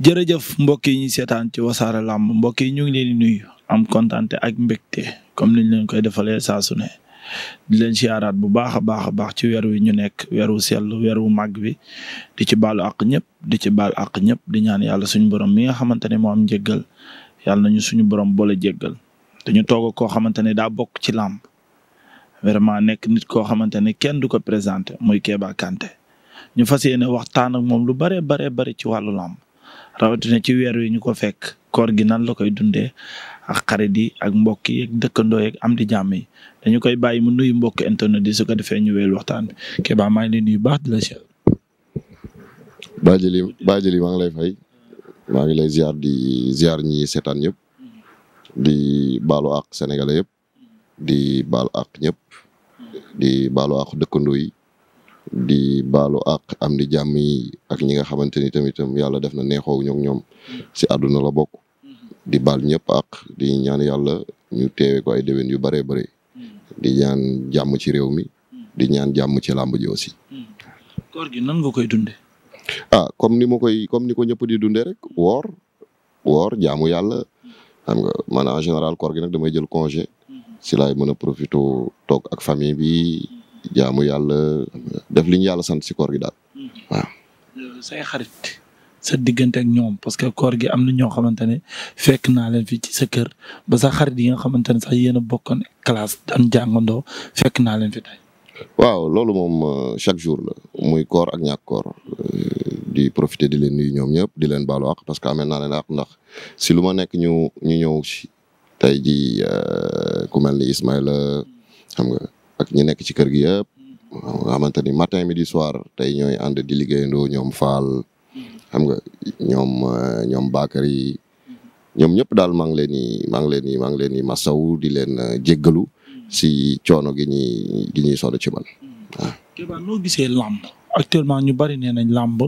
jërëjëf mbokk yi ñuy seetaan ci wasaare làmb mbokk yi ñu ngi leen di nuyu am kontaante ak mbégte comme niñ leen koy defalee saa su ne di leen siyaaraat bu baax a baax a baax ci weer wi ñu nekk weer wu sell weer wu màgg wi di ci baalu àq ñëpp di ci baalu àq ñëpp di ñaan yàlla suñu borom mi nga xamante ne moo am njëggal yàlla nañu suñu borom boole jéggal dañu ñu toog koo xamante ne daa bokk ci làmb vraiment nekk nit koo xamante ne kenn du ko présenté muy Keba Kanté ñu fas yéene waxtaan ak moom lu bare bare bare ci wàllu làmb rawatina ci weer wi ñu ko fekk koor gi nan la koy dundee ak xarit yi ak mbokk yi ak dëkkandoo yeeg am di jàmm dañu koy bàyyi mu nuyu mbokk internet di so ko defee ñu waxtaan bi Keba maa ngi leen nuyu baax di la ziar. Bajali Bajali maa ngi lay fay maa ngi lay ziar di ziar ñi seetaan ñëpp di baalu ak sénégalais yëpp di baalu ak ñëpp di baalu ak dëkkandoo yi. di baalo ak am di jàmm yi ak ñi nga xamante ni tamitam yàlla def na neexoo ñoom ñoom mm-hmm. si àdduna la bokk mm-hmm. di baal ñëpp ak di ñaan yàlla ñu teewe ko ay déwén yu bëree bëri mm-hmm. di ñaan jàmm ci réew mi di ñaan jàmm ci làmb ji aussi. koor gi nan nga koy dundee. ah comme ni ma koy comme ni ko ñëpp di dundee rek woor woor jaamu yàlla xam nga en général koor gi nag damay jël congé si laay mën a profité toog ak famille bi. jaamu yàlla def li yàlla sant si koor gi daal mm-hmm. waaw. say xarit sa diggante ak ñoom parce que koor gi am na ñoo xamante ne fekk naa leen fii ci sa kër ba sa xarit yi nga xamante ne sax yéen a bokkoon classe daan jàngandoo fekk naa leen fi tey. waaw loolu moom euh, chaque jour la muy koor ak ñàkk koor euh, di profiter di leen nuyu ñoom ñëpp di leen baalu àq parce que amee naa leen àq ndax si lu ma nekk ñu ñu ñëw si tey jii euh, ku mel ni Ismaïla xam nga. ak ñi nekk ci kër gi yëpp nga xamante ni matin di soir tey ñooy ànd di liggéeyandoo ñoom Fall xam nga ñoom euh, ñoom Bakary yi ñoom ñëpp daal maa ngi leen di maa leen di maa ngi leen di masaw di leen euh, jéggalu si coono gi ñuy gi ñuy ci man waaw. Kéba gisee làmb actuellement ñu bari nee nañ làmb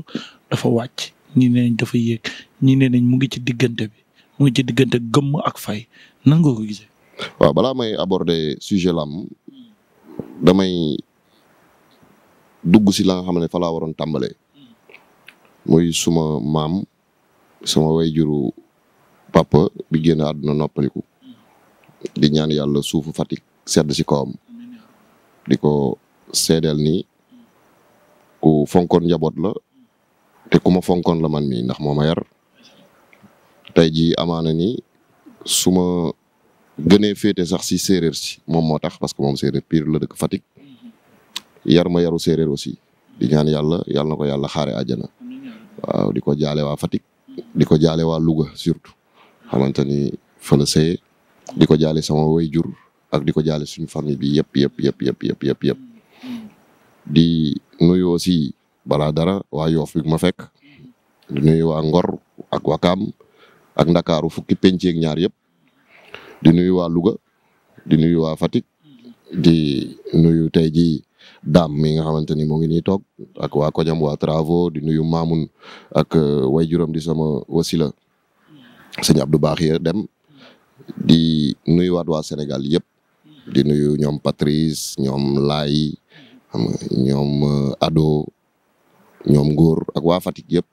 dafa wàcc ñi nee nañ dafa yéeg ñi nee nañ mu ngi ci diggante bi mu ngi ci diggante gëmm ak fay nan ko gisee. waaw balaa may aborder sujet làmb damay dugg si la nga xam ne waroon tàmbalee muy suma maam suma wayjuru papa bi génn àdduna noppaliku di ñaan yàlla suufu fatik sedd si kawam di ko seedeel nii ku fonkoon njaboot la te ku ma fonkoon la man mii ndax moo ma yar tey jii amaana ni suma gënee féete sax si séeréer si moom moo tax parce que moom séeréer pire la dëkk Fatick yar ma yaru séeréer aussi di ñaan yàlla yàlla na ko yàlla xaare àjjana waaw di ko jaale waa Fatick di ko jaale waa Louga surtout xamante ni fa la sëye di ko jaale sama way jur ak di ko jaale suñu famille bi yëpp yëpp yëpp yëpp yëpp yëpp yëpp di nuyu aussi balaa dara waa Yoof bi ma fekk di nuyu waa Ngor ak wakam ak Ndakaaru fukki penc ak ñaar yëpp di nuyu waa Louga di nuyu waa fatik di nuyu tey jii daam mi nga xamante ni moo ngi nii toog ak waa Kojam waa Travaux di nuyu Mamoun ak euh, way juróom di sama wasila sëñ Abdou Bakhir dem di nuyu nuyuwaat waa Sénégal yëpp di nuyu ñoom Patrice ñoom Laay ñoom euh, Ado ñoom Ngor ak waa Fatick yëpp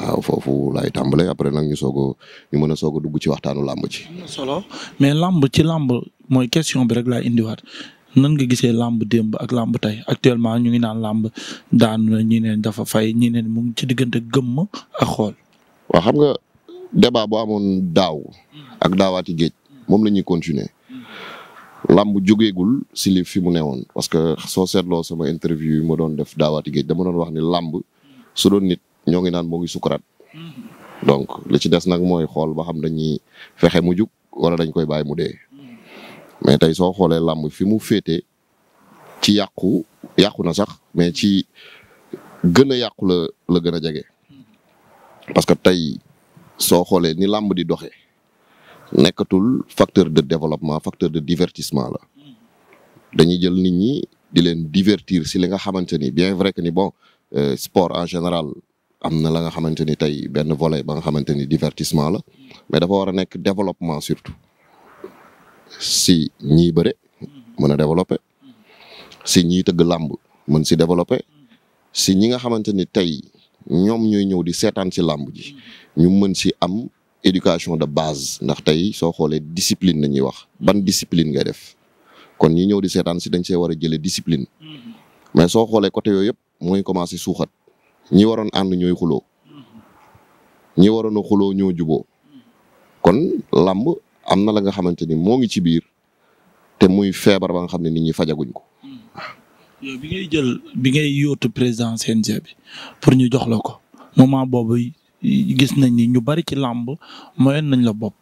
waaw foofu laay tàmbalee après nag ñu soog ñu mën a soog a dugg ci waxtaanu làmb ci. solo mais làmb ci lamb mooy question bi rek laay indiwaat nan nga gisee làmb demb ak làmb tey actuellement ñu ngi naan làmb daan na ñi neen dafa fay ñi neen mu ci diggante gëmm ak xool. waa xam nga débat bu amoon daaw. ak daawaati géej. moom la ñuy continuer. làmb jógeegul si li fi mu newoon parce que soo seetloo sama interview yi ma doon def daawaati géej dama doon wax ni làmb su nit ñoo ngi naan moo ngi sukuraat donc li ci des nag mooy xool ba xam dañuy fexe mu jug wala dañ koy bàyyi mu dee mais tey soo xoolee làmb fi mu féete ci yàqu yàqu na sax mais ci gën a yàqu la la gën a jege parce que tey soo xoolee ni làmb di doxee nekkatul facteur de développement facteur de divertissement la dañuy jël nit ñi di leen divertir si li nga xamante ni bien vrai que ni bon euh, sport en général am na la nga xamante ni tey benn volet ba nga xamante ni divertissement la mais dafa war a nekk développement surtout si ñiy bëre mën a développer si ñiy tëgg làmb mën si développer si ñi nga xamante ni tey ñoom ñooy ñëw di seetaan si làmb ji ñu mën si am éducation de base ndax tey soo xoolee discipline la ñuy wax ban discipline ngay def kon ñi ñëw di seetaan si dañ see war a jëlee discipline mais soo xoolee côté yooyu yëpp mooy commencé suuxat ñi waroon ànd ñooy xuloo ñi waroon a xuloo ñoo juboo kon làmb am na la nga xamante ni moo ngi ci biir te muy feebar ba nga xam ne ni ñi fajaguñ ko. bi ngay jël bi ngay yóotu président CNG bi pour ñu jox la ko moment boobu gis nañ ni ñu bari ci làmb moyoon nañ la bopp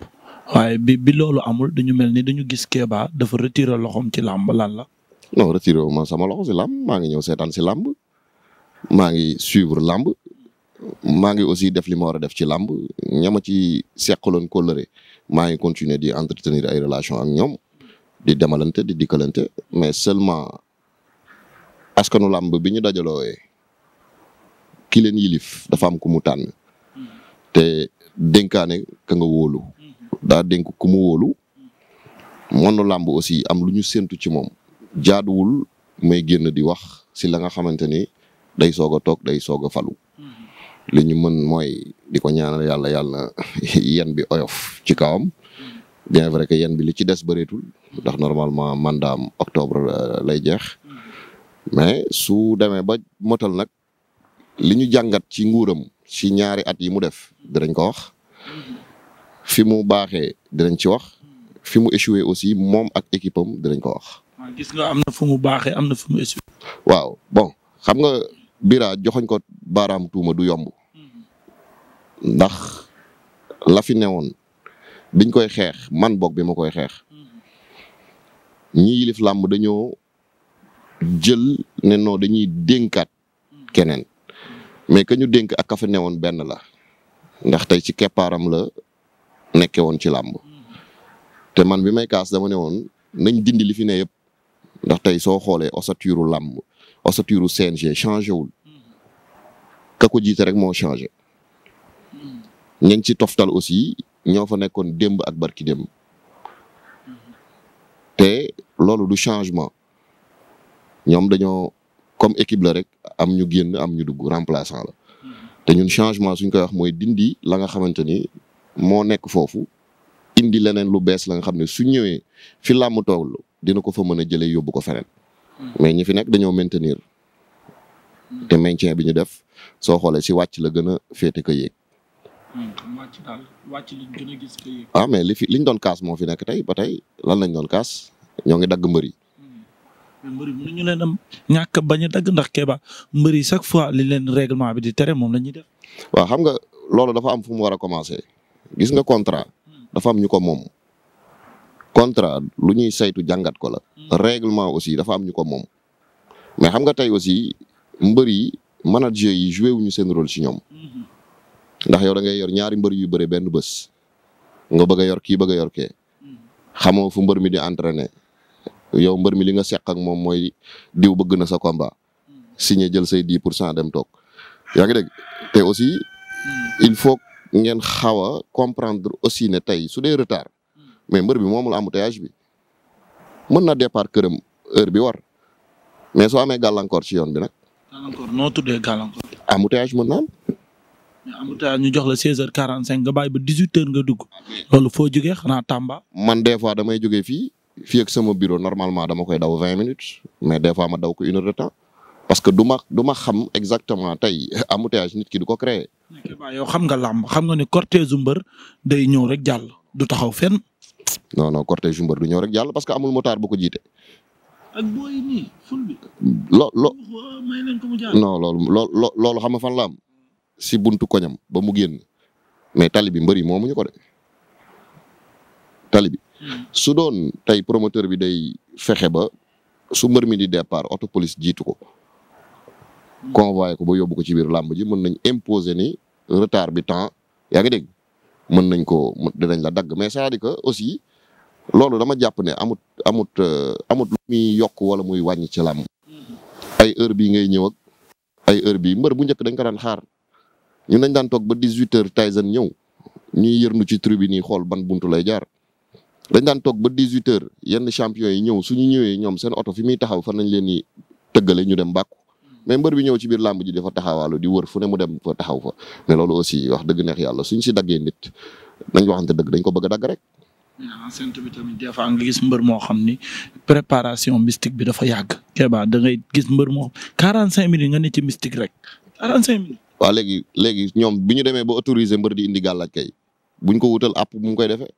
waaye bi bi loolu amul dañu mel ni dañu gis Kéba dafa retire loxoom ci làmb lan la. non retiré wu ma sama loxo si làmb maa ngi ñëw seetaan si lamb maa ngi suivre làmb maa ngi aussi def li ma war a def ci làmb ñama ci seqaloon kóllëre maa ngi continuer di entretenir ay relation ak ñoom di demalante di dikkalante mais seulement askanu làmb bi ñu dajaloo ki leen yilif dafa am ku mu tànn te dénkaane ka nga wóolu daa dénk ku mu wóolu mën na làmb aussi am lu ñu séntu ci moom jaaduwul may génn di wax si la nga xamante ni day soog a toog day soog a falu. li ñu mën mooy di ko ñaanal yàlla yàlla yen bi oyof ci kawam. bien vrai que yen bi li ci des bëreetul. ndax normalement mandaam octobre euh, lay jeex. mais su demee ba motal nag li ñu jàngat ci nguuram ci ñaari at yi mu def dinañ ko wax. fi mu baaxee dinañ ci wax. fi mu échoué aussi moom ak équipe am dinañ ko wax. Ah, gis na fu mu baaxee am na fu mu bon xam Bira joxoñ ko baaraam tuuma du yomb ndax la fi newoon biñ koy xeex man boog bi ma koy xeex ñi yilif làmb dañoo jël ne non dañuy dénkaat keneen mais que ñu dénk ak ka fa newoon benn la ndax tey ci keppaaram la nekke woon ci làmb te man bi may kaas dama ne woon nañ dindi li fi ne yëpp ndax tey soo xoolee osatiru làmb ossature CNG changé wul ka ko jiite rek moo changé ñañ ci toftal aussi ñoo fa nekkoon démb ak barki démb te loolu du changement ñoom dañoo comme équipe la rek am ñu génn am ñu dugg remplaçant la te ñun changement suñ koy wax mooy dindi la nga xamante ni moo nekk foofu indi leneen lu bees la nga xam ne su ñëwee fi làmm tooglu dina ko fa mën a jëlee yóbbu ko feneen mais ñi fi nekk dañoo maintenir te maintien bi ñu def soo xoolee si wàcc la gën a féete ko hmm, wàcc gis ko yéeg. ah mais li fi liñ doon kaas moo fi nekk tey ba tey lan lañ doon kaas ñoo ngi dagg mbër yi. Hmm, mbër yi mënuñu ñàkk bañ a dagg ndax Kéba mbër yi chaque fois li leen règlement bi di tere moom la ñuy def. waaw xam nga loolu dafa am fu mu war a commencer gis nga contrat hmm. dafa am ñu ko moom. contrat lu ñuy saytu jàngat ko la. Hmm. réglement aussi dafa am ñu ko moom. mais xam nga tey aussi mbër yi manager yi joué wuñu seen rôle ci ñoom. Hmm. ndax yow da ngay yor ñaari mbër yu bëre benn bës nga bëgg a yor kii bëgg a yor kee. Hmm. xamoo fu mbër mi di entraîner. yow mbër mi li nga seq ak moom mooy diw bëgg na sa combat. signé jël say di pour cent dem toog. yaa ngi dégg te aussi. il faut ngeen xaw a comprendre aussi ne tey su dee retard. mais mbër bi moomul embouteillage bi mën na départ këram heure bi war mais soo amee gàllankoor ci yoon bi nag. gàllankoor noo tuddee gàllankoor. embouteillage mën na am. embouteillage ñu jox la 16h45 nga bàyyi ba 18h nga dugg. loolu foo jógee xanaa Tamba. man des fois damay jógee fii fii ak sama bureau normalement dama koy daw 20 minutes mais des fois ma daw ko une heure de temps. parce que du ma du ma xam exactement tey embouteillage nit ki du ko créer. yow xam nga làmb xam nga ne ni su mbër day ñëw rek jàll du taxaw fenn. non non cortège yu mbër du ñëw rek jàll parce que amul motard bu ko jiite. ak booy nii ful ah, loo loolu xam nga fan laam si buntu koñam ba mu génn mais tali bi mbër yi moomuñu ko de tali hmm. su doon tey promoteur bi day fexe ba su mbër mi di départ auto police jiitu ko. Hmm. convoyé ko ba yóbbu ko ci biir làmb ji mën nañ imposé ni retard bi temps yaa ngi dégg mën nañ ko dinañ la dagg mais cest à que aussi. loolu dama jàpp ne amut amut euh, amut lu muy yokk wala muy wàññi ci làmb ay heure bii ngay ñëw ak ay heure bii mbër bu njëkk dañ ko daan xaar ñun dañ daan toog ba dix huit heures ñëw ñuy yërnu ci tribune yi xool ban buntu lay jaar dañ daan toog ba dix huit heures yenn champion yi ñëw suñu ñëwee ñoom seen oto fi muy taxaw fan nañ leen di tëggale ñu dem bàkku mais mbër bi ñëw ci biir làmb ji dafa taxawaalu di wër fu ne mu dem fa taxaw fa mais loolu aussi wax dëgg neex yàlla suñ si daggee nit nañ waxante dëgg dañ ko bëgg a dagg rek enceinte bi tamit nga gis mbër moo xam ni préparation mystique bi dafa yàgg. Kéba da ngay gis mbër moo quarante cinq minutes nga ne ci mystique rek quarante cinq minutes. léegi léegi ñoom bi ñu demee ba autorisé mbër di indi gàllaaj kay buñ ko wutal app mu ngi koy defee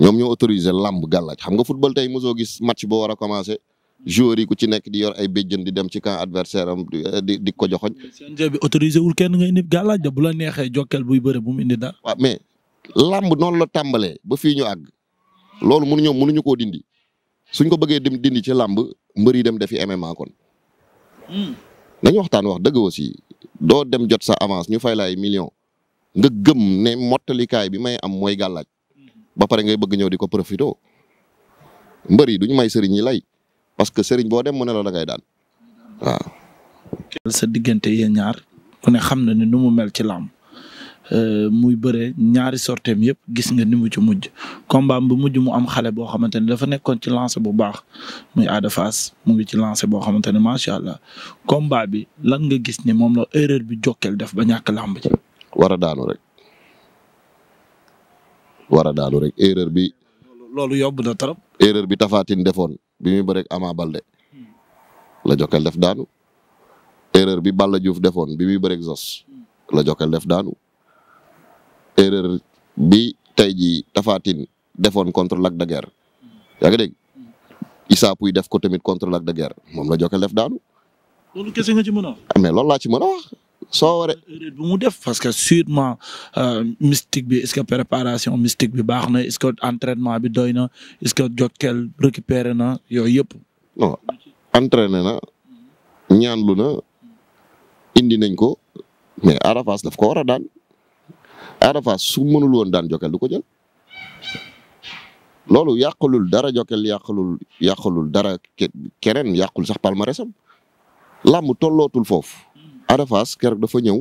ñoom ñoo autorisé làmb gàllaaj xam nga football tey moso gis match boo war a commencé joueurs yi ku ci nekk di yor ay béjjën di dem ci camp adversaire am di di ko joxoñ. CNG bi autorisé wul kenn ngay indi gàllaaj da bu la neexee jokkeel buy bëre bu indi dara. waaw mais làmb noonu la tàmbalee ba fii ñu àgg loolu mënu ñoom mënuñu koo dindi suñ ko bëggee dem dindi ci làmb mbër yi dem defi MMA kon. Hmm. nañ waxtaan wax dëgg aussi doo dem jot sa avance ñu fay la ay nga gëm ne mottalikaay bi may am mooy gàllaaj ba pare ngay bëgg ñëw di ko profité mbër yi duñu may sëriñ lay parce que sëriñ boo dem mu ne la dangay daal waaw. sa diggante yéen ñaar ne xam na ne nu mu mel ci làmb Euh, muy bëree ñaari sorteem yëpp gis nga ni mu ci mujj combat bu mujj mu am xale boo xamante ne dafa nekkoon ci lancé bu baax muy Ada Fass mu ngi ci lancé boo xamante ne macha allah combat bi lan nga gis ni moom la erreur bi jokkeel def ba ñàkk làmb ci war a daanu rek war a rek erreur bi. loolu yóbbu na trop. erreur bi Tafatine defoon bi muy bëreeg Ama Balde la jokkeel def daanu erreur bi Balla Diouf defoon bi muy bëreeg la jokkeel def daanu. erreur bi tey jii Tapha Tine defoon contre Lac de Guiers yaa ngi dégg Issa Pouye def ko tamit contre Lac de Guiers moom la Jokal def daanu. loolu kese nga ci mën a wax. Ah, laa ci mën soo waree. bi mu def parce que sûrement euh, mystique bi est-ce que préparation mystique bi baax na est-ce que bi doy na est-ce que Jokal récupéré na yooyu yëpp. non entraîné na ñaanlu na indi nañ ko mais Arafas daf ko war a daan. Ada su mënul woon daan Jokal du ko jël loolu yàqalul dara jokel yàqalul yàqalul dara keneen yàqul sax palmarèsam làmb tollootul foofu Ada Fass keroog dafa ñëw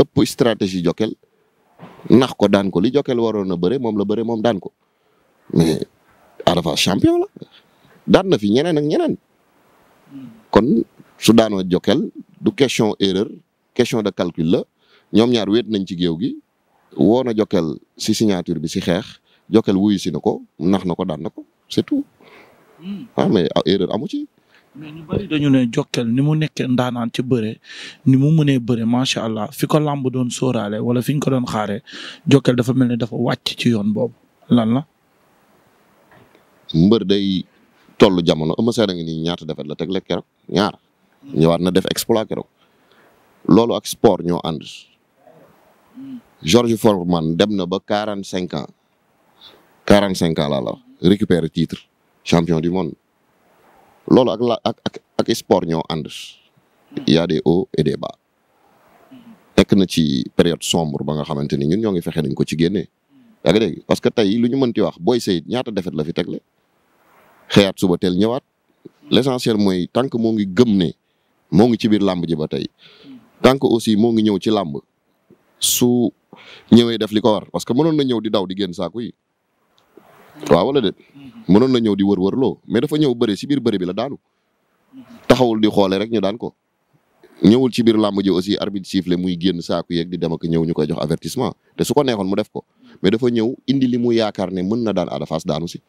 ëpp stratégie Jokal nax ko daan ko li jokel waroon na bëre moom la bëre moom daan ko mais Ada Fass daan na fi ñeneen ak ñeneen kon su daanoo Jokal du question erreur question de calcul la ñoom ñaar wéet nañ ci géew gi woo na Jokal si signature bi si xeex Jokal wuyu si na ko nax na ko daan na ko c'est tout hmm. ah mais ah, erreur amu ci. mais ñu bari ni mu nekkee ndaanaan ci bëre ni mu mënee bëre macha allah fi ko làmb doon sóoraale wala fi ñu ko doon xaaree Jokal dafa mel ne dafa wàcc ci yoon boobu lan la. mbër day toll jamono Eumeu Sène a ngi nii ñaata defet la teg lekk ñaar. Hmm. ñëwaat na def exploit keroog. loolu ak sport ñoo ànd. Hmm. George Foreman dem na ba quarante cinq ans quarante cinq ans laa la wax récupérer titre champion du monde loolu ak la ak ak ak sport ñoo ànd y a des hauts et des na ci période sombre ba nga xamante ni ñun ñoo ngi fexe nañ ko ci génnee yaa ngi parce que tey lu ñu mënti wax Boy Seye ñaata defet la fi tegle xëyaat suba teel ñëwaat l'essentiel mooy tant que moo ngi gëm ne moo ngi ci biir làmb ji ba tey tant que aussi moo ngi ñëw ci làmb su ñëwee def li ko war parce que mënoon na ñëw di daw di génn saako yi waaw wala déet mënoon na ñëw di war wër loo mais dafa ñëw bëre si biir bëre bi la daanu taxawul di xoole rek ñu daan ko ñëwul ci biir làmb ji aussi arbitre sifflé muy génn saako yeeg di dem ak ñëw ñu koy jox avertissement te su ko neexoon mu def ko mais dafa ñëw indi li mu yaakaar ne mën na daan Ada Fass daanu si.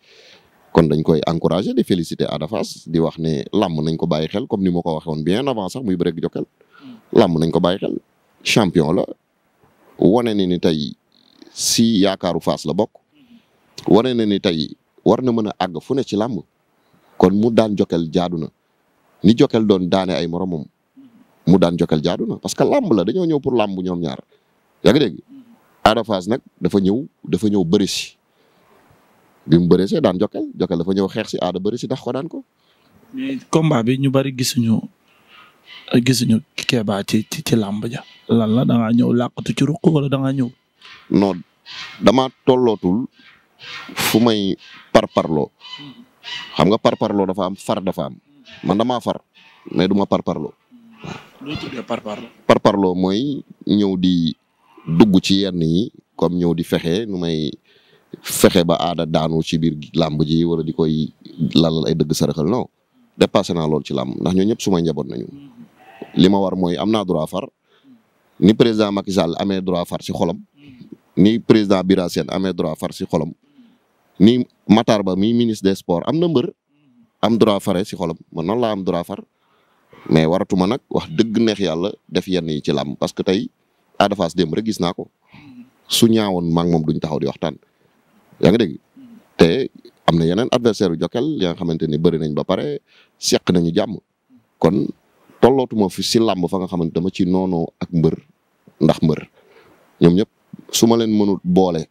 kon dañ koy encourager di féliciter Ada Fass di wax ne làmb nañ ko bàyyi xel comme ni ma ko waxee woon bien avant sax muy bëre ak Jokal làmb nañ ko bàyyi xel champion wane na ni tey si yaakaaru faas la bokk wane na ni tey war na mën a àgg fu ne ci làmb kon mu daan Jokal jaadu na ni Jokal doon daane ay moromam mu daan Jokal jaadu na parce que làmb la dañoo ñëw pour làmb ñoom ñaar yaa ngi dégg. Ada Fass nag dafa ñëw dafa ñëw bëri bi mu bëree see daan Jokal Jokal dafa ñëw xeex si ada bëri si ndax ko daan ko. mais combat ñu bari gisuñu a gisuñu Kéba ci ci làmb ja lan la da ngaa ñëw làqatu ci ruq wala da ngaa ñëw. non damaa tollootul fu may parparloo xam nga parparloo dafa am far dafa am man damaa far mais du ma parparloo. loo tuddee parparloo. parparloo mooy ñëw di dugg ci yenn yi comme ñëw di fexe nu may fexe ba aada daanu ci biir làmb ji wala di koy lalal ay dëgg saraxal non dépassé naa lool ci làmb ndax ñoo ñëpp sumay njaboot nañu. li ma war mooy am naa droit far ni président Macky Sall amee droit far si xolam ni président Bira Sène amee droit far si xolam ni Matar Ba mi ministre des sports am na mbër am droit fare si xolam ma noonu la am droit far mais waratuma nag wax dëgg neex yàlla def yenn yi ci làmb parce que tey Ada Fass démb rek gis naa ko su ñaawoon maa ngi moom duñ taxaw di waxtaan yaa ngi dégg te am na yeneen adversaire yu Jokal ya nga xamante ni bëri nañ ba pare seq nañu jàmm tollootuma fi si làmb fa nga xamante dama ci noonoo ak mbër ndax mbër ñoom ñëpp su ma leen mënul boole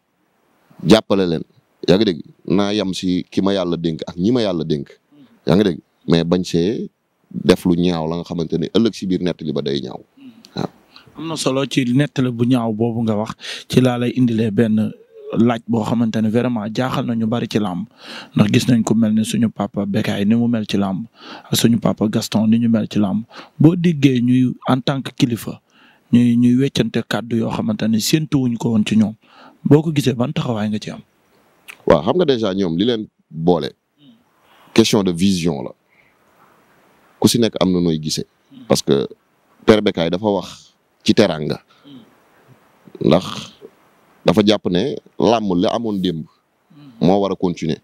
jàppale leen yaa ngi dégg naa yam si ki ma yàlla dénk ak ñi ma yàlla dénk yaa ngi dégg mais bañ see def lu ñaaw la nga xamante ne ëllëg si biir nettali ba day ñaaw waaw. am na solo ci nettali bu ñaaw boobu nga wax ci laa lay indilee benn laaj boo xamante ne vraiment jaaxal na ñu bari ci làmb ndax gis nañ ko mel ne suñu papa Bekaay ni mu mel ci làmb suñu papa Gaston ni ñu mel ci lamb boo diggee ñuy en tant que kilifa ñuy ñuy weccante kàddu yoo xamante ne séentuwuñ ko woon ci ñoom boo ko gisee ban taxawaay nga ci am. waaw xam nga déjà ñoom li leen boole. question de vision la ku si nekk am na nooy gisee. parce que père Bekaay dafa wax ci teranga ndax. dafa jàpp ne làmb la amoon démb moo war a continuer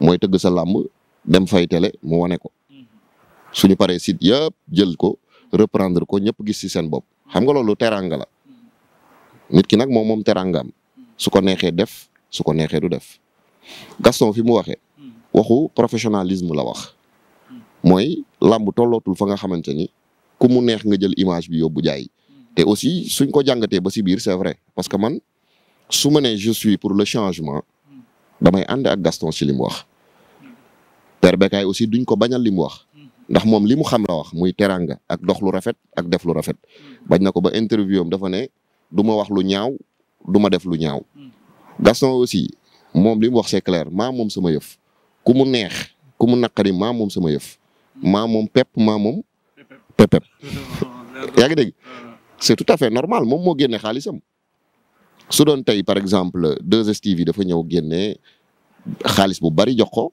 mooy tëgg sa làmb dem fay télé mu wane ko suñu paree site yëpp jël ko reprendre ko ñëpp gis ci seen bopp xam nga loolu teraanga la nit ki nag moom moom terangam su ko neexee def su ko neexee du def Gaston fi mu waxee waxu professionnalisme la wax mooy làmb tollootul fa nga xamante ni ku mu neex nga jël image bi yóbbu jaay te aussi suñ ko jàngatee ba ci biir c'est vrai parce que man. su ma nee je suis pour le changement damay ànd ak Gaston ci li mu wax perbekaay Bécaye aussi duñ ko bañal li mu wax ndax moom li mu xam la wax muy teranga ak dox lu rafet ak def lu rafet bañ na ko ba interview am dafa ne du ma wax lu ñaaw du ma def lu ñaaw Gaston aussi moom li mu wax c'est clair maa moom sama yëf ku mu neex ku mu naqari maa moom sama yëf maa moom pepp maa moom pepp pepp yaa ngi dégg euh, c'est tout à fait normal moom moo génne xaalisam su doon tey par exemple 2STV dafa ñëw génne xaalis bu bari jox ko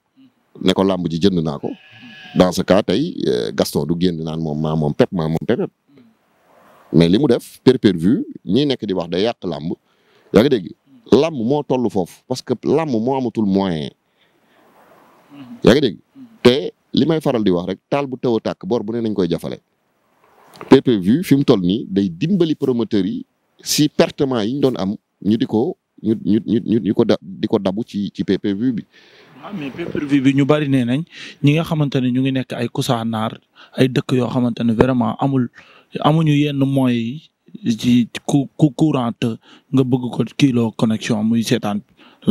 ne ko làmb ji jënd naa ko dans ce cas tey euh, Gaston du génn naan moom maa moom pep maa moom pep mais li mu def pay-per-view ñi nekk di wax day yàq làmb yaa ngi dégg moo toll foofu parce que làmb moo amatul moyen yaa ngi te li may faral di wax rek taal bu taw a boor bu ne nañ koy jafale pay-per-view fi mu toll nii day dimbali promoteurs yi si pertement yi ñu doon am ñu di ko ñu ñu ñu ñu ko da di ko dabu ci ci PPV bi. Ah, mais PPV bi ñu bari nee nañ ñi nga xamante ne ñu ngi nekk ay Kousanaar ay dëkk yoo xamante ne vraiment amul amuñu yenn moyens ci ku ku courant nga bëgg ko kilo connexion muy seetaan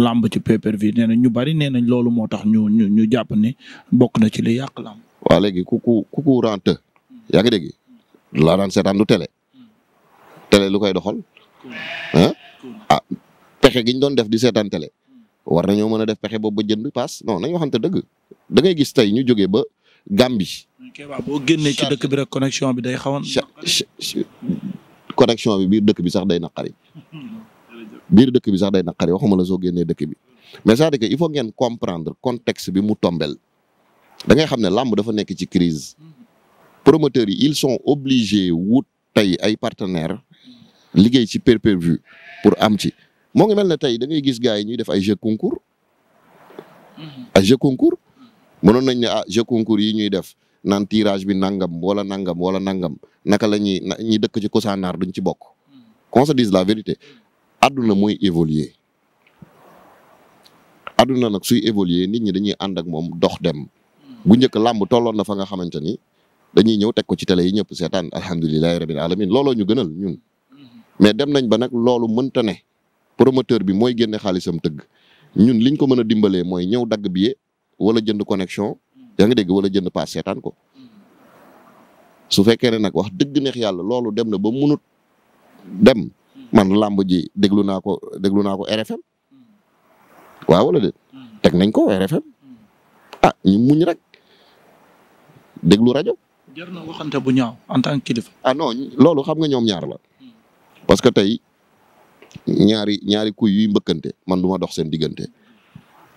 lamb ci PPV nee nañ ñu bari nee nañ loolu moo tax ñu ñu ñu jàpp ni bokk na ci lu yàq làmb. waa léegi ku ku ku courant yaa ngi dégg laa daan seetaan du télé. Hmm. télé lu koy doxal. a ah, pexe gi ñu doon def di seetaan télé war nañoo mën a def pexe boobu ba jënd paas non nañu waxante dëgg da ngay gis tey ñu jógee ba Gambie. waaw boo génnee ci dëkk bi rek connexion bi day xawoon. bi biir dëkk bi sax day naqari. biir dëkk bi sax day naqari waxuma la soo génnee dëkk bi mais c'est-à-dire il faut ngeen comprendre contexte bi mu tombel da ngay xam ne làmb dafa nekk ci crise promoteurs yi ils sont obligés wut tey ay partenaire liggéey ci pay per view pour am ci moo ngi mel na tey da ngay gis gars yi ñuy def ay jeux concours. Mm-hmm. ay jeux concours mënoon nañ ne ah jeux concours yi ñuy def naan tirage bi nangam wala nangam wala nangam naka la ñuy ñi dëkk ci kosaanaar duñ ci bokk. Mm-hmm. qu'on se dise la vérité àdduna mm-hmm. mooy évoluer àdduna nag suy évoluer nit ñi dañuy ànd ak moom dox dem. bu njëkk làmb tolloon na fa nga xamante ni dañuy ñëw teg ko ci télé yi ñëpp seetaan alhamdulilahi rabbil alamin looloo ñu gënal ñun. mais dem nañ ba nag loolu mënta ne promoteur bi mooy génne xaalisam tëgg ñun liñ ko mën a dimbalee mooy ñëw dagg billet wala jënd connexion yaa ngi dégg wala jënd paas seetaan ko su fekkee ne nag wax dëgg neex yàlla loolu dem na ba munut dem man làmb ji déglu naa ko déglu naa ko RFM waaw wala déet nañ ko RFM a ah, ñu muñ rek déglu rajo. jar na waxante bu ñaaw en tant que kilifa. ah loolu xam nga ñoom ñaar la. parce que tey ñaari ñaari kuy yuy mbëkkante man du ma dox seen diggante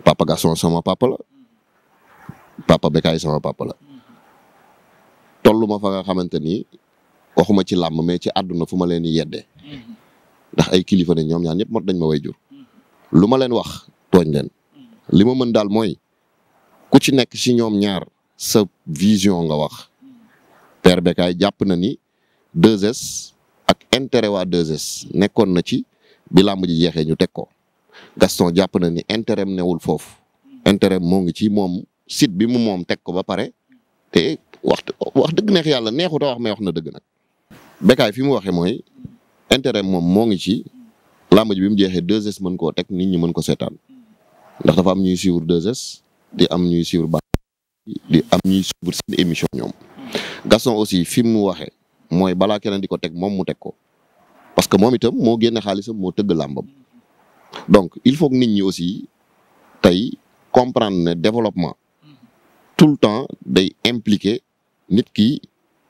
papa Gaston sama papala la papa Bekaay sama papa la ma fa nga xamante ni waxuma ci làmb mais ci àdduna fu ma leen di ndax ay kilifa ne ñoom ñaar ñëpp mot dañ ma way jur lu ma leen wax tooñ leen li ma mën daal mooy ku ci nekk ci ñoom ñaar sa vision nga wax père Bekaay jàpp na ni 2S ak intérêt waa 2S nekkoon na ci bi làmb ji jeexee ñu teg ko Gaston jàpp na ni intérêt am newul foofu intérêt moo ngi ci moom site bi mu moom teg ko ba pare te wax wax dëgg neex yàlla neexut a wax mais wax na dëgg nag. Bécaye fi mu waxee mooy intérêt moom moo ngi ci làmb ji bi mu jeexee 2S mën koo teg nit ñi mën ko seetaan ndax dafa am ñuy suivre 2S di am ñuy suivre ba di am ñuy suivre seen émission ñoom Gaston aussi fi mu waxee. mooy balaa keneen di ko teg moom mu teg ko parce que moom itam moo génne xaalisam moo tëgg làmbam donc il faut que nit ñi aussi tey comprendre ne développement tout le temps day impliquer nit ki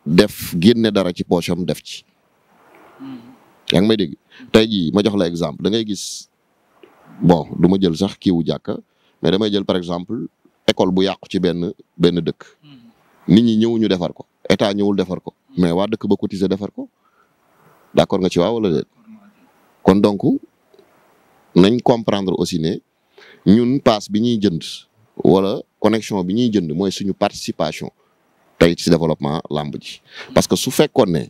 def génne dara ci poche am def ci. yaa ngi may dégg tey jii ma jox la exemple da ngay gis bon duma jël sax kii wu jàkka mais damay jël par exemple école bu yàqu ci benn benn dëkk. Hmm. nit ñi ñëwuñu defar ko état ñëwul defar ko. mais waa dëkk ba cotiser defar ko d'accord nga ci waaw wala déet kon donc nañ comprendre aussi ne ñun paas bi ñuy jënd wala connexion bi ñuy jënd mooy suñu participation tey ci développement làmb parce que su fekkoon ne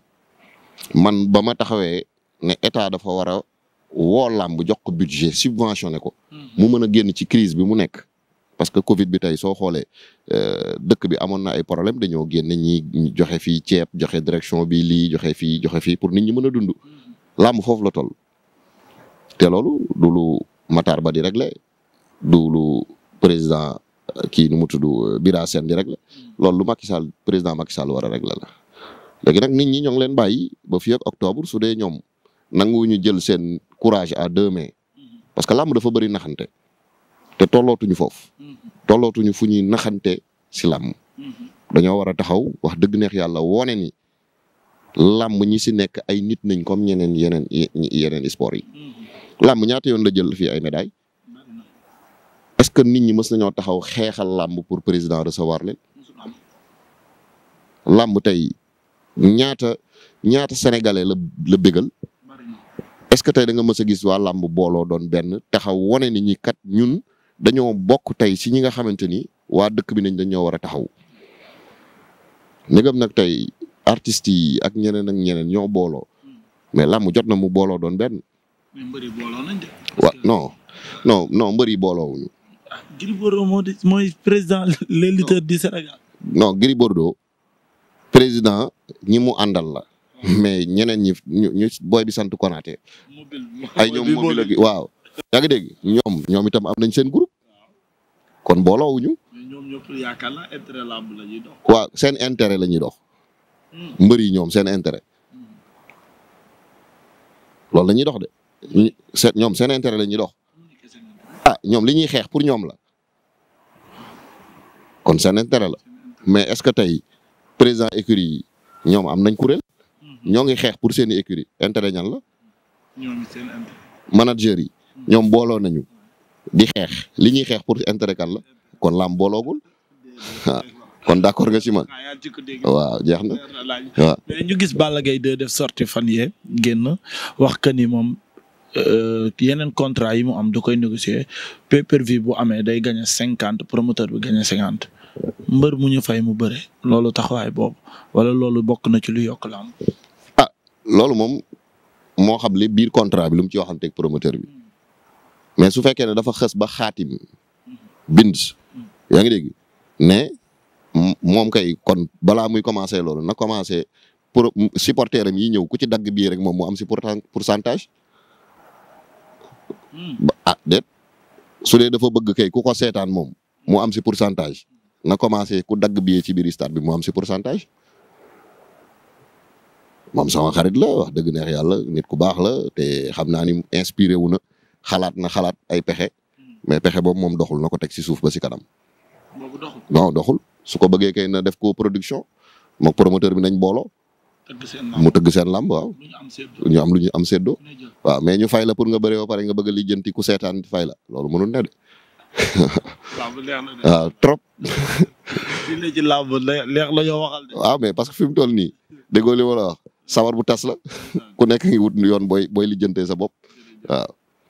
man ba ma taxawee ne état dafa war a woo làmb jox ko budget subventionné ko mu mën a génn ci crise bi mu nekk parce que Covid bi tey soo xoolee euh, dëkk bi amoon na ay problème dañoo génn ñi joxe fii ceeb joxe direction bi lii joxe fii joxe fii pour nit ñi mën a dund. làmb foofu la toll te loolu du lu Matar Ba di réglé du lu président euh, kii nu mu tudd euh, Bira Sène di réglé loolu lu Macky Sall président Macky Sall war a réglé la. léegi nag nit ñi ñoo leen bàyyi ba fii octobre su dee ñoom nanguwu ñu jël seen courage à deux mais parce que làmb dafa bëri naxante. te tollootuñu foofu mm-hmm. tollootuñu fu ñuy naxante si làmm mm-hmm. dañoo war a taxaw wax dëgg neex yàlla wone ni làmm ñi si nekk ay nit nañ kom ñeneen yeneen yeneen sport yi mm-hmm. làmm ñaata yoon la jël fii ay médaille est que nit ñi mës nañoo taxaw xeexal làmb pour président recevoir leen làmb tey ñaata ñaata sénégalais la la bégal est que tey da nga mës a gis waa làmb booloo doon benn taxaw wone ni ñi kat ñun dañoo bokk tey ci ñi nga xamante ni waa dëkk bi nañ dañoo war a taxaw ndegam nag tey artistes yi ak ñeneen ak ñeneen ñoo booloo mais làmb jot na mu booloo doon benn. mais mbër yi booloo yi booloo wuñu. Ah, président les lutteurs du Sénégal. non Gris ñi mu àndal la. Ah. mais ñeneen ñi ñu ñu booy bi sant Konaté. ay ñoom mobile waaw. yaa ngi ñoom ñoom itam am nañ seen groupe kon booloowuñu. ñoom ñëpp yaakaar naa intérêt waaw seen intérêt la ñuy dox. Hmm. mbër yi ñoom seen intérêt. Hmm. loolu la ñuy dox de seen ñoom seen intérêt la ñuy dox. ah ñoom li ñuy xeex pour ñoom la. kon seen intérêt la mais est-ce que tey président écurie yi ñoom am nañ kuréel. Hmm. ñoo ngi xeex pour seen i écurie intérêt ñan la. ñoom seen intérêt. manager yi. ñoom booloo nañu di xeex li ñuy xeex pour intérêt kan la kon làmb booloogul kon d'accord nga ci man waaw jeex na waaw. ñu gis Balla gay de def sorti fan yee génn wax que ni moom euh, yeneen contrat yi mu am du koy négocier pay per view bu amee day gagné cinquante promoteur bi gagné cinquante mbër mu ñu fay mu bëre loolu taxawaay boobu wala loolu bokk na ci lu yokk làmb. ah loolu moom moo xam li biir contrat bi lu mu ci waxanteeg promoteur bi. mais su fekkee ne dafa xës ba xaatim bind yaa ngi dégg ne moom kay kon balaa muy commencer loolu na commencer pour supporter am yi ñëw ku ci dagg bii rek moom mu am si pourcentage hmm. ah déet su dee dafa bëgg kay ku ko seetaan moom mu am si pourcentage na commencer ku dagg bii ci biir stade bi mu am si pourcentage moom sama xarit la wax dëgg neex yàlla nit ku baax la te xam naa ni inspiré wu na xalaat na xalaat ay pexe mais pexe boobu moom doxul na ko teg si suuf ba si kanam. boobu doxul su ko bëggee kay na def ko production mook promoteur bi nañ booloo. mu tëgg seen làmb waaw. ñu am lu ñu am séddoo. waaw mais ñu fay la pour nga bëree ba pare nga bëgg a lijjanti ku seetaan fay la loolu mënul ne de. trop. dina ci la ñoo waaw mais parce que fi mu toll nii déggoo li sawar bu tas la ku nekk wut yoon booy booy lijjantee sa bopp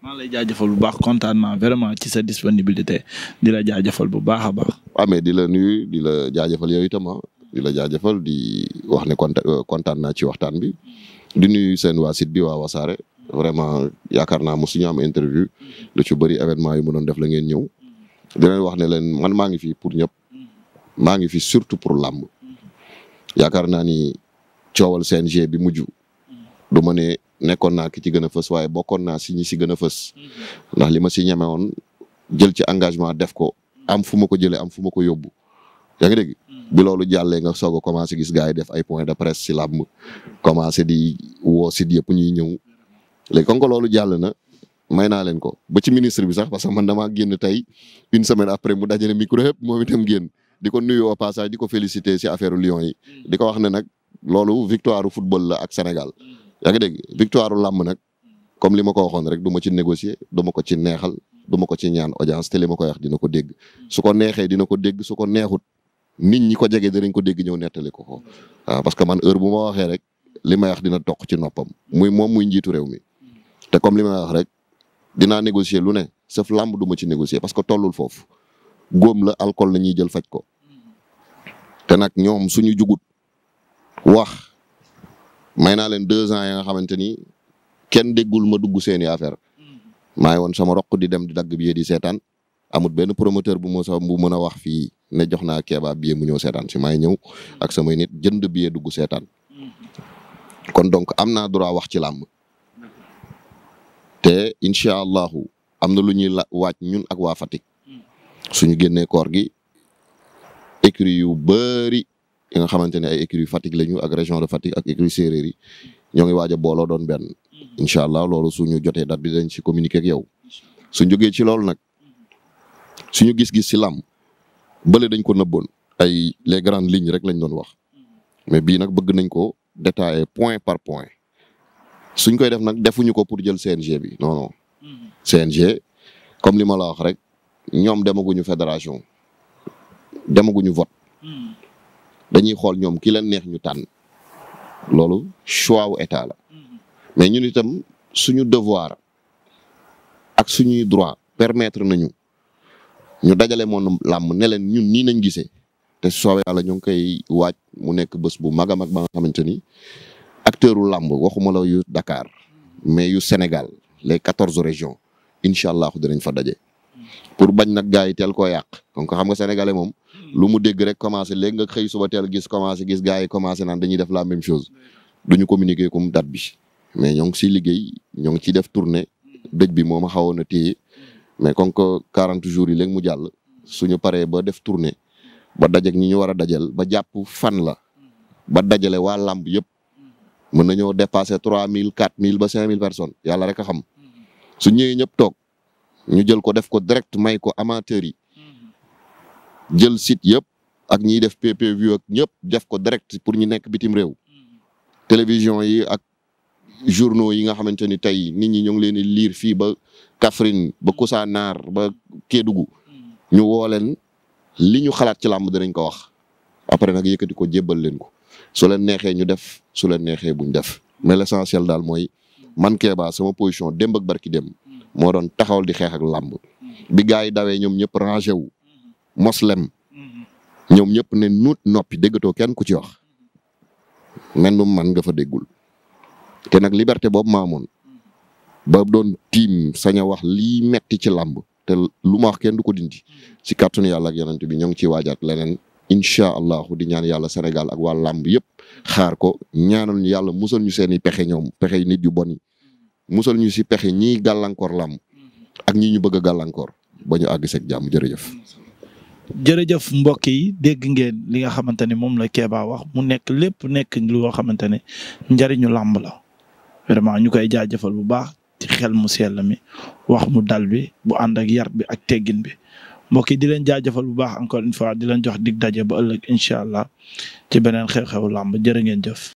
maa lay jaajëfal bu baax kontaan naa vraiment ci sa disponibilité di la jaajafal bu baax a baax. waaw ah, mais di la nuyu di la jaajëfal yow itam ah. di la jaajëfal di wax ne euh, kontaan naa ci waxtaan bi di nuyu seen waa site bi waa wasaare vraiment yaakaar naa mosu ñu am interview lu ci bëri événement yu mënoon def la ngeen ñëw di leen wax ne leen man maa ngi fi pour ñëpp maa ngi fi surtout pour lamb yaakaar naa ni seen CNG bi mujj du ma ne nekkoon naa ki ci gën a fës waaye bokkoon naa si ñi si gën a fës mhm. ndax li ma si ñeme woon jël ci engagement def ko am fu ma ko jëlee am fu ma ko yóbbu yaa ngi dégg. Mhm. bi loolu jàllee nga soog a commencé gis gars yi def ay point de presse si làmb commencé di woo sit yëpp ñuy ñëw léegi kon ko loolu jàll na may naa leen ko ba ci ministre bi sax parce que man damaa génn tey une semaine après mu dajale micro yëpp moom itam génn di ko nuyoo passage di ko féliciter si affaire Lions yi mhm. di ko wax ne nag loolu victoire football la ak Sénégal. yaa ngi dégg victoire làmb nag comme li ma ko waxoon rek duma ci négocier duma ko ci neexal du ma ko ci ñaan audience te li ma koy wax dina ko dégg su ko neexee dina ko dégg su ko neexut nit ñi ko jege dinañ ko dégg ñëw nettali ko ko waaw parce que man heure bu ma waxee rek lima may dina toq ci noppam muy moom muy njiitu réew mi te comme li may wax rek dinaa négocier lu ne saf làmb duma ma ci négocier parce que tolul foofu góom la alcool la ñuy jël faj ko te nag ñoom suñu jugut wax. may naa leen deux ans ya nga xamante ni kenn déggul ma dugg seeni affaire maa ngi woon sama roq di dem di dagg billet di seetaan amut benn promoteur bu ma sa mën a wax fii ne jox naa Keba billet mu ñëw seetaan si maay ñëw ak samay nit jënd billet dugg seetaan kon donc am naa droit wax ci làmb te incha allahu am na lu ñuy la waaj ñun ak waa Fatick suñu génnee koor gi écrit yu bëri yi nga xamante ne ay écurie Fatick la ñu ak région de Fatick ak écurie séeréer yi ñoo ngi waaj a booloo doon benn mhm. incha allah loolu su ñu jotee date bi dañ ci communiquer ak yow su jógee ci loolu nag suñu gis-gis si làmb bële dañ ko nëbboon ay les grandes lignes rek lañ doon wax mhm. mais bii nag bëgg nañ ko détailler point par point suñ koy def nag defuñu ko pour jël CNG bi non mhm. CNG comme li ma la wax rek ñoom demaguñu fédération demaguñu vote dañuy xool ñoom ki la neex ñu tànn loolu choix wu état la mais ñun itam suñu devoir ak suñuy droit permettre nañu ñu dajale moom làmb ne leen ñun nii nañ gisee te soobee yàlla ñu ngi koy waaj mu nekk bés bu mag a mag ba nga xamante ni acteuru làmb waxuma la yu Dakar mais yu Sénégal les quatorze régions incha allah dinañ fa daje pour bañ nag gars yi teel koo yàq donc xam nga sénégalais moom. lu mu dégg rek commencé léegi nga xëy suba teel gis commencé gis gars yi commencé naan dañuy def la même chose du ñu communiquer comme bi mais ñoo ngi siy liggéey ñoo ngi ciy def tournée bëj bi moom a xawoon a téye mais comme quarante 40 jours yi léegi mu jàll suñu paree ba def tournée ba dajeek ñi ñu war a dajal ba jàpp fan la ba dajale waa làmb yëpp mën nañoo dépasser 3000 mille ba cinq mille personnes yàlla rek a xam su ñëwee ñëpp toog ñu jël ko def ko direct may ko amateur yi. jël site yëpp ak ñiy def pp ak ñëpp def ko direct pour ñu nekk bitim réew télévision yi ak journaux yi nga xamante ni tey nit ñi ñoo ngi leen di lire fii ba Kaffrine ba Kousanaar ba Kédougou ñu woo leen li ñu xalaat ci làmb dinañ ko wax après nag yëkkati ko jébbal leen ko su leen neexee ñu def su leen neexee buñ def mais l'essentiel daal mooy man Kéba sama position démb ak barki dem moo doon taxawal di xeex ak làmb bi gars yi dawee ñoom ñëpp rangé wu moslem ñoom ñëpp ne nuut noppi déggatoo kenn ku ci wax mel nu man nga fa déggul te nag liberté boobu maa ba doon tiim sañ wax lii metti ci làmb te lu ma wax kenn du ko dindi ci kàttanu yàlla ak yonent bi ñoo ci ciy waajaat leneen incha allahu di ñaan yàlla senegal ak waa làmb yëpp xaar ko ñaanal ñu yàlla musal ñu seeni i pexe ñoom pexe nit yu bon yi musal ñu si pexe ñiy gàllankoor làmb ak ñi ñu bëgg a gàllankoor ba ñu àgg seeg jàmm jërëjëf. jërëjëf mbokk yi dégg ngeen li nga xamante ne moom la Kéba wax mu nekk lépp nekk loo xamante ne njariñu làmb la vraiment ñu koy jaajëfal bu baax ci xel mu sell mi wax mu dal bi bu ànd ak yar bi ak teggin bi mbokk yi di leen jaajëfal bu baax encore une fois di leen jox dig daje ba ëllëg incha allah ci beneen xew xew làmb jër ngeen jëf.